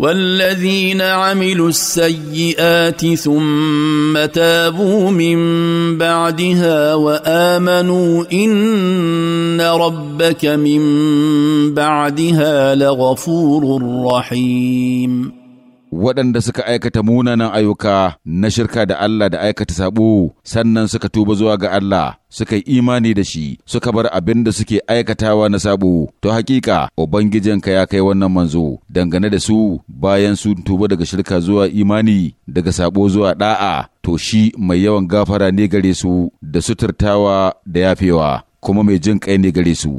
والذين عملوا السيئات ثم تابوا من بعدها وامنوا ان ربك من بعدها لغفور رحيم waɗanda suka aikata munanan ayyuka na shirka da Allah da aikata sabo sannan suka tuba zuwa ga Allah suka yi imani da shi suka bar abin da suke aikatawa na sabo to hakika ubangijinka ya kai wannan manzo dangane da su bayan sun tuba daga shirka zuwa imani daga sabo zuwa da'a to shi mai yawan gafara ne gare su da suturtawa da yafewa kuma mai jin kai ne gare su